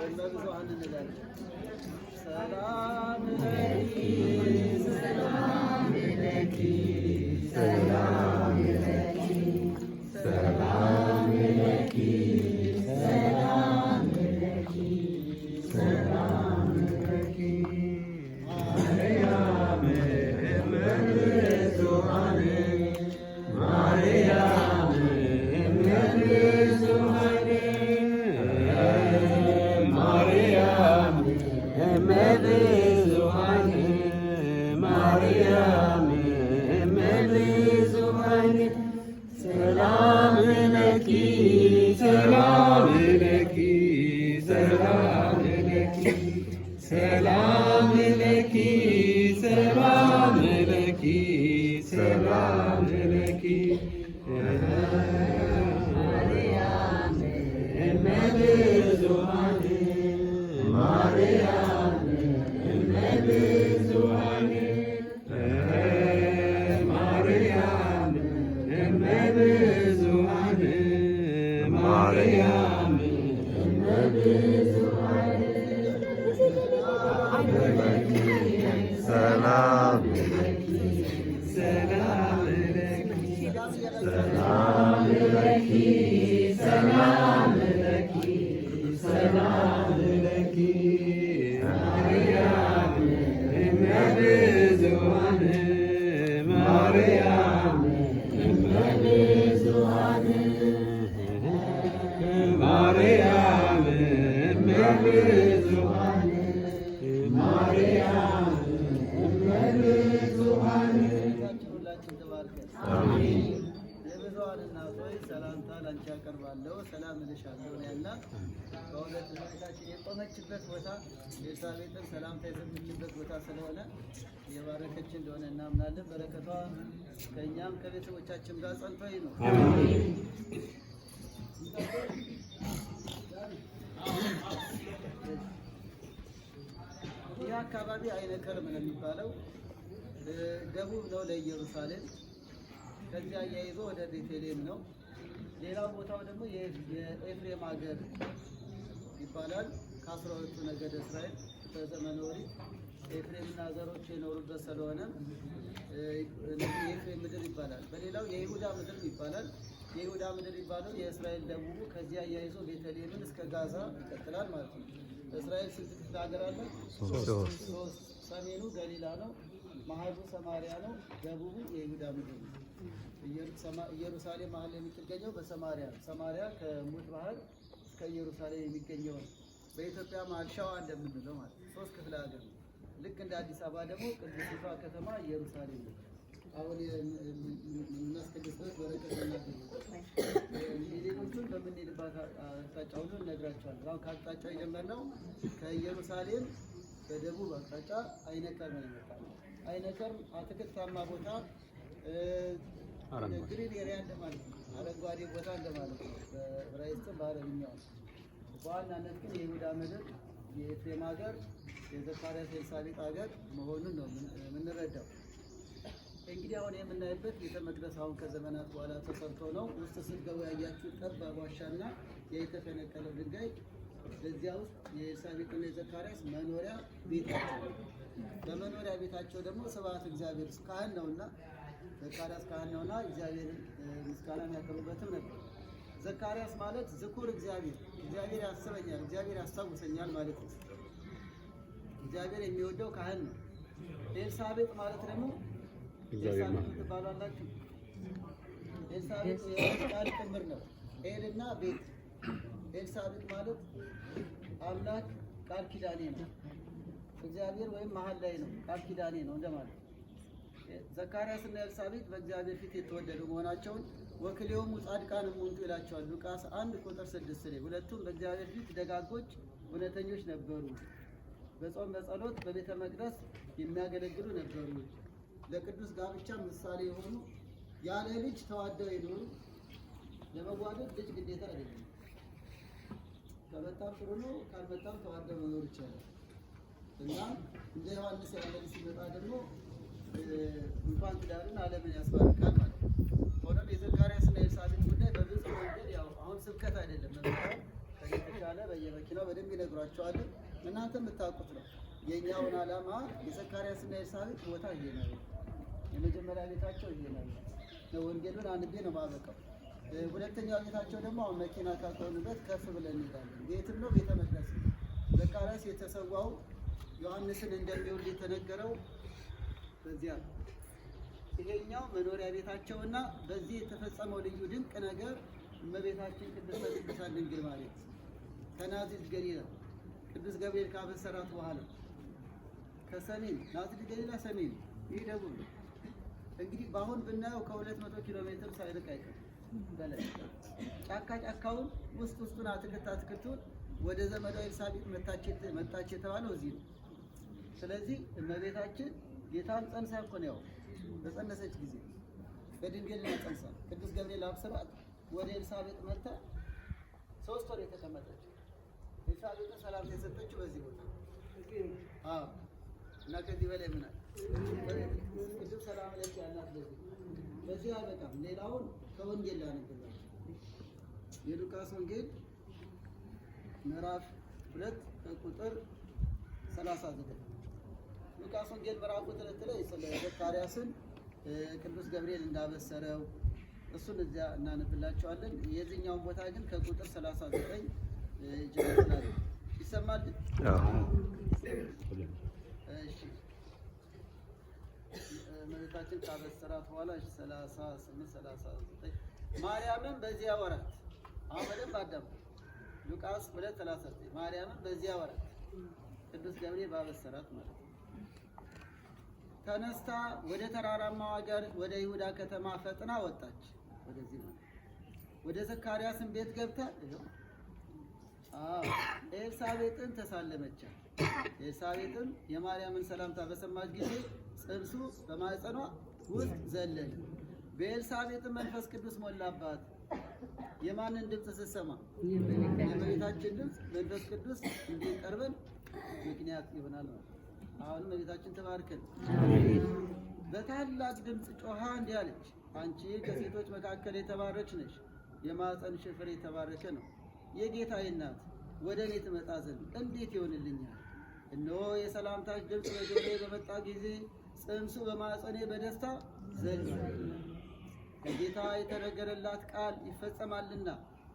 Salam alaikum. Salam alaikum. Salam alaikum. Salam alaikum. ሰላም ለብዙሃን እናቶች ሰላምታ ላንቺ አቀርባለሁ። ሰላም እልሻለሁ ያላት በእውነት እመቤታችን የቆመችበት ቦታ ኤልሳቤጥን ሰላምታ የሰጠችበት ቦታ ስለሆነ የባረከች እንደሆነ እናምናለን። በረከቷ ከእኛም ከቤተሰቦቻችን ጋር ጸንቶ ነው። ይህ አካባቢ አይነ ከርም ነው የሚባለው። ደቡብ ነው ለኢየሩሳሌም ከዚያ አያይዞ ወደ ቤተልሔም ነው። ሌላ ቦታው ደግሞ የኤፍሬም ሀገር ይባላል። ከአስራ ሁለቱ ነገደ እስራኤል በዘመነ ኦሪት ኤፍሬምና ዘሮች የኖሩበት ስለሆነ የኤፍሬም ምድር ይባላል። በሌላው የይሁዳ ምድር ይባላል። የይሁዳ ምድር ይባለው የእስራኤል ደቡቡ፣ ከዚያ አያይዞ ቤተልሔምን እስከ ጋዛ ይቀጥላል ማለት ነው። እስራኤል ስንት ክፍለ ሀገር አለ? ሶስት። ሰሜኑ ገሊላ ነው፣ መሀሉ ሰማሪያ ነው፣ ደቡቡ የይሁዳ ምድር ነው። ኢየሩሳሌም መሀል የምትገኘው በሰማሪያ ሰማሪያ ከሙት ባህር እስከ ኢየሩሳሌም የሚገኘው በኢትዮጵያ መሀል ሸዋ እንደምንለው ማለት ነው። ሶስት ክፍለ ሀገር ነው። ልክ እንደ አዲስ አበባ ደግሞ ቅዱስቷ ከተማ ኢየሩሳሌም ነው። አሁን የምናስቀድስበት ወረቀት ሌሎቹን በምንሄድባት አቅጣጫ ሁሉ እነግራቸዋለሁ። አሁን ከአቅጣጫው የጀመርነው ከኢየሩሳሌም በደቡብ አቅጣጫ አይነከር ነው ይመጣል። አይነከር አትክልታማ ቦታ ግሪን ኤሪያ እንደማለት ነው። አረንጓዴ ቦታ እንደማለት ነው በዕብራይስጥም በአረብኛው። በዋናነት ግን የይሁዳ ምድር የኤፍሬም ሀገር፣ የዘካርያስ ኤልሳቤጥ ሀገር መሆኑን ነው የምንረዳው። እንግዲህ አሁን የምናይበት ቤተ መቅደስ አሁን ከዘመናት በኋላ ተሰርቶ ነው። ውስጥ ስትገቡ ያያችሁ ጠባብ ዋሻና የተፈነቀለው ድንጋይ በዚያ ውስጥ የኤልሳቤጥና የዘካርያስ መኖሪያ ቤታቸው፣ በመኖሪያ ቤታቸው ደግሞ ስብሐት እግዚአብሔር ካህን ነውና ዘካርያስ ካህን ነውና እግዚአብሔር ምስጋና የሚያቀርቡበትም ነበር። ዘካርያስ ማለት ዝኩር እግዚአብሔር እግዚአብሔር ያስበኛል፣ እግዚአብሔር ያስታውሰኛል ማለት ነው። እግዚአብሔር የሚወደው ካህን ነው። ኤልሳቤጥ ማለት ደግሞ ኤልሳቤጥ ትባላላችሁ። ኤልሳቤጥ ቃል ጥምር ነው። ኤልና ቤት ኤልሳቤጥ ማለት አምላክ ቃል ኪዳኔ ነው። እግዚአብሔር ወይም መሀል ላይ ነው ቃል ኪዳኔ ነው እንደማለት ዘካርያስና ኤልሳቤጥ በእግዚአብሔር ፊት የተወደዱ መሆናቸውን ወክሌውም ጻድቃን ሞንቱ ይላቸዋል። ሉቃስ አንድ ቁጥር ስድስት ላይ ሁለቱም በእግዚአብሔር ፊት ደጋጎች እውነተኞች ነበሩ። በጾም በጸሎት በቤተ መቅደስ የሚያገለግሉ ነበሩ። ለቅዱስ ጋብቻ ምሳሌ የሆኑ ያለ ልጅ ተዋደው ይኖሩ ለመዋደድ ልጅ ግዴታ አይደለም። ከመጣም ጥሩ ነው፣ ካልመጣም ተዋደው መኖር ይቻላል እና እንደ ዮሐንስ ያለ ሲመጣ ደግሞ እንኳን ትዳርን ዓለምን ያስባርካል ማለት ነው። ሆኖም የዘካርያስና የኤልሳቤጥን ጉዳይ በግልጽ መንገድ ያው አሁን ስብከት አይደለም መምሪያው ከተቻለ በየመኪናው በደንብ ይነግሯቸዋለን። እናንተ የምታውቁት ነው። የእኛውን ዓላማ የዘካርያስና የኤልሳቤጥ ቦታ ይሄ ነው፣ የመጀመሪያ ቤታቸው ይሄ ነው። ወንጌሉን አንዴ ነው ማበቀው። ሁለተኛው ቤታቸው ደግሞ አሁን መኪና ካቆምንበት ከፍ ብለን እንሄዳለን። ቤትም ነው ቤተ መቅደስ። ዘካርያስ የተሰዋው ዮሐንስን እንደሚውል የተነገረው በዚያ ይሄኛው መኖሪያ ቤታቸውና በዚህ የተፈጸመው ልዩ ድንቅ ነገር እመቤታችን ቅድስተ ቅዱሳን ድንግል ማርያም ከናዝሬት ገሊላ ቅዱስ ገብርኤል ካበሰራት በኋላ ከሰሜን ናዝሬት ገሊላ ሰሜን፣ ይህ ደቡብ ነው። እንግዲህ በአሁን ብናየው ከሁለት መቶ ኪሎ ሜትር ሳይርቅ አይቀርም። በላይ ጫካ ጫካውን ውስጥ ውስጡን አትክልት አትክልቱን ወደ ዘመዷ ኤልሳቤጥ መጣች የተባለው እዚህ ነው። ስለዚህ እመቤታችን ጌታን ጸንሳ እኮ ነው። በጸነሰች ጊዜ በድንግል ነው ጸንሳ። ቅዱስ ገብርኤል አብስራት ወደ ኤልሳቤጥ መጥታ ሶስት ወር የተቀመጠች ኤልሳቤጥን ሰላም የሰጠችው በዚህ ቦታ አዎ። እና ከዚህ በላይ ምናል ቅዱስ ሰላም ለት ያላት በዚህ በዚህ አበቃም። ሌላውን ከወንጌል ላነብላችሁ የሉቃስ ወንጌል ምዕራፍ ሁለት ከቁጥር ሰላሳ ዘጠኝ ሉቃስ ወንጌል ምዕራፍ ሁለት ላይ ስለ ዘካርያስን ቅዱስ ገብርኤል እንዳበሰረው እሱን እዚያ እናነብላቸዋለን። የዚህኛውን ቦታ ግን ከቁጥር 39 ይጀምራል። ይሰማል? እሺ እመቤታችን ካበሰራት በኋላ 38 39 ማርያምን በዚያ ወራት አዳም ሉቃስ 2 39 ማርያምን በዚያ ወራት ቅዱስ ገብርኤል ባበሰራት ማለት ተነስታ ወደ ተራራማው ሀገር ወደ ይሁዳ ከተማ ፈጥና ወጣች። ወደዚህ ወደ ዘካርያስን ቤት ገብታ ኤልሳቤጥን ተሳለመቻት። ኤልሳቤጥም የማርያምን ሰላምታ በሰማች ጊዜ ጽንሱ በማህፀኗ ውስጥ ዘለለ። በኤልሳቤጥ መንፈስ ቅዱስ ሞላባት። የማንን ድምፅ ስትሰማ? የእመቤታችን ድምፅ መንፈስ ቅዱስ እንዲቀርበን ምክንያት ይሆናል ማለት ነው። አሁን እመቤታችን ተባርከን። በታላቅ ድምፅ ጮሃ እንዲህ አለች፣ አንቺ ከሴቶች መካከል የተባረች ነሽ፣ የማኅፀንሽ ፍሬ የተባረከ ነው። የጌታዬ እናት ወደ እኔ ትመጣ ዘንድ እንዴት ይሆንልኛል? እነሆ የሰላምታሽ ድምፅ በጆሮዬ በመጣ ጊዜ ጽንሱ በማጸኔ በደስታ ዘል ከጌታ የተነገረላት ቃል ይፈጸማልና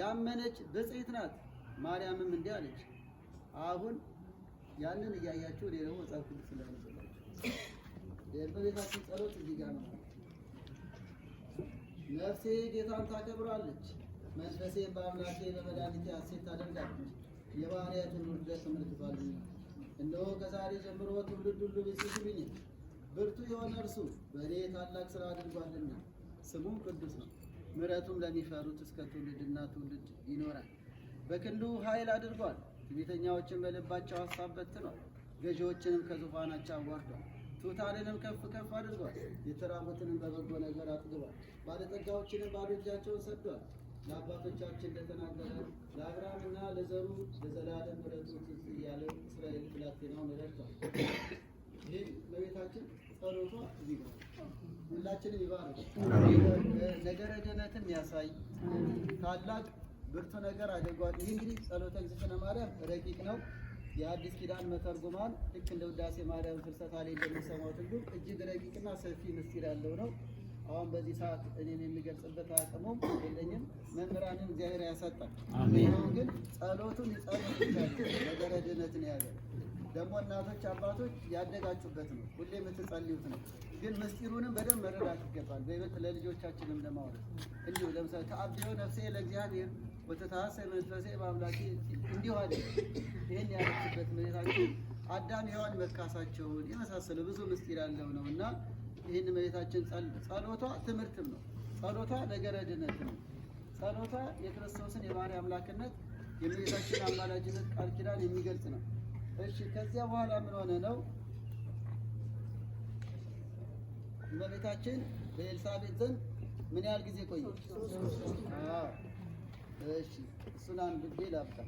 ያመነች ብፅዕት ናት። ማርያምም እንዲህ አለች አሁን ያንን እያያችሁ እኔ ደግሞ መጽሐፍ ቅዱስ ላይ የእመቤታችን ጸሎት እዚህ ጋር ነው። ነፍሴ ጌታን ታከብራለች፣ መንፈሴም በአምላኬ በመድኃኒቴ ሐሴት ታደርጋለች፣ የባሕርያቱን ውርደት ተመልክቷልና። እነሆ ከዛሬ ጀምሮ ትውልድ ሁሉ ብፅዕት ብርቱ የሆነ እርሱ በእኔ ታላቅ ሥራ አድርጓልና። ስሙም ቅዱስ ነው፣ ምሕረቱም ለሚፈሩት እስከ ትውልድና ትውልድ ይኖራል። በክንዱ ኃይል አድርጓል ትዕቢተኛዎችን በልባቸው ሐሳብ በትኗል፣ ገዢዎችንም ከዙፋናቸው አዋርዷል። ትሑታንንም ከፍ ከፍ አድርጓል፣ የተራቡትንም በበጎ ነገር አጥግቧል፣ ባለጠጋዎችንም ባዶ እጃቸውን ሰዷል። ለአባቶቻችን እንደተናገረ ለአብርሃምና ለዘሩ ለዘላለም ምሕረቱ ትዝ እያለ እስራኤል ብላቴናውን ረድቷል። ይህ በቤታችን ጸሎቷ እዚህ ጋር ሁላችንም ይባረክ ነገረ ድኅነትን ያሳይ ታላቅ ብርቱ ነገር አድርጓል። ይህ እንግዲህ ጸሎተ ግዝእትነ ማርያም ረቂቅ ነው። የአዲስ ኪዳን መተርጉማን ልክ እንደ ውዳሴ ማርያም ፍልሰታ ላይ እንደሚሰማው ትርጉም እጅግ ረቂቅና ሰፊ ምስጢር ያለው ነው። አሁን በዚህ ሰዓት እኔም የሚገልጽበት አቅሙም የለኝም። መምህራንን እግዚአብሔር ያሰጣል። ይሁን ግን ጸሎቱን የጸሎት ነገረ ድህነትን ያለ ደግሞ እናቶች አባቶች ያደጋችሁበት ነው፣ ሁሌ የምትጸልዩት ነው። ግን ምስጢሩንም በደንብ መረዳት ይገባል። በይበልጥ ለልጆቻችንም ለማውረድ እንዲሁ ለምሳሌ ተአብዮ ነፍሴ ለእግዚአብሔር ወተታሰ መንፈሴ በአምላኪ እንዲሁ አለ። ይህን ያለችበት መሬታችን አዳም ሔዋን መካሳቸውን የመሳሰለ ብዙ ምስጢር ያለው ነው እና ይህን መሬታችን ጸሎቷ ትምህርትም ነው። ጸሎቷ ነገረ ድነት ነው። ጸሎቷ የክርስቶስን የባህሪ አምላክነት የመሬታችን አማላጅነት ቃል ኪዳን የሚገልጽ ነው። እሺ ከዚያ በኋላ ምን ሆነ ነው? እመቤታችን በኤልሳቤጥ ዘንድ ምን ያህል ጊዜ ቆየች? እሺ እሱን ጊዜ ላብቃ።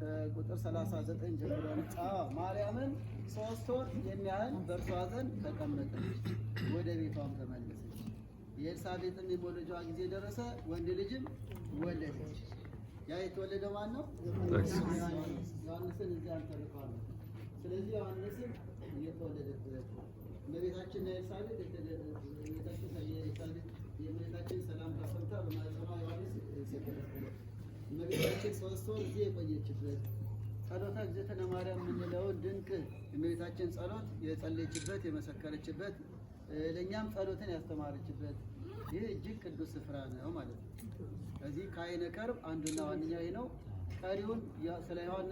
ከቁጥር 39 ጀምሮ ማርያምን ሶስት ወር የሚያህል በእርሷ ዘንድ ተቀመጠች፣ ወደ ቤቷም ተመለሰች። የኤልሳቤጥም የመውለጃዋ ጊዜ ደረሰ፣ ወንድ ልጅም ወለደች። ያ የተወለደ ማን ነው? ዮሐንስን እዚህ አንተልኳል። ስለዚህ ዮሐንስን እየተወለደበት እመቤታችን የእመቤታችን ሰላምታ ሰምታ በማኅፀኗ ዮሐንስ እመቤታችን ሦስት ወር እዚህ የቆየችበት ጸሎታ እግዝእትነ ማርያም የምንለውን ድንቅ የእመቤታችን ጸሎት የጸለየችበት የመሰከረችበት ለእኛም ጸሎትን ያስተማረችበት ይህ እጅግ ቅዱስ ስፍራ ነው ማለት ነው። ከዚህ ከአይነ ከርብ አንዱና ዋነኛ ይህ ነው። ቀሪውን ስለ ዮሐንስ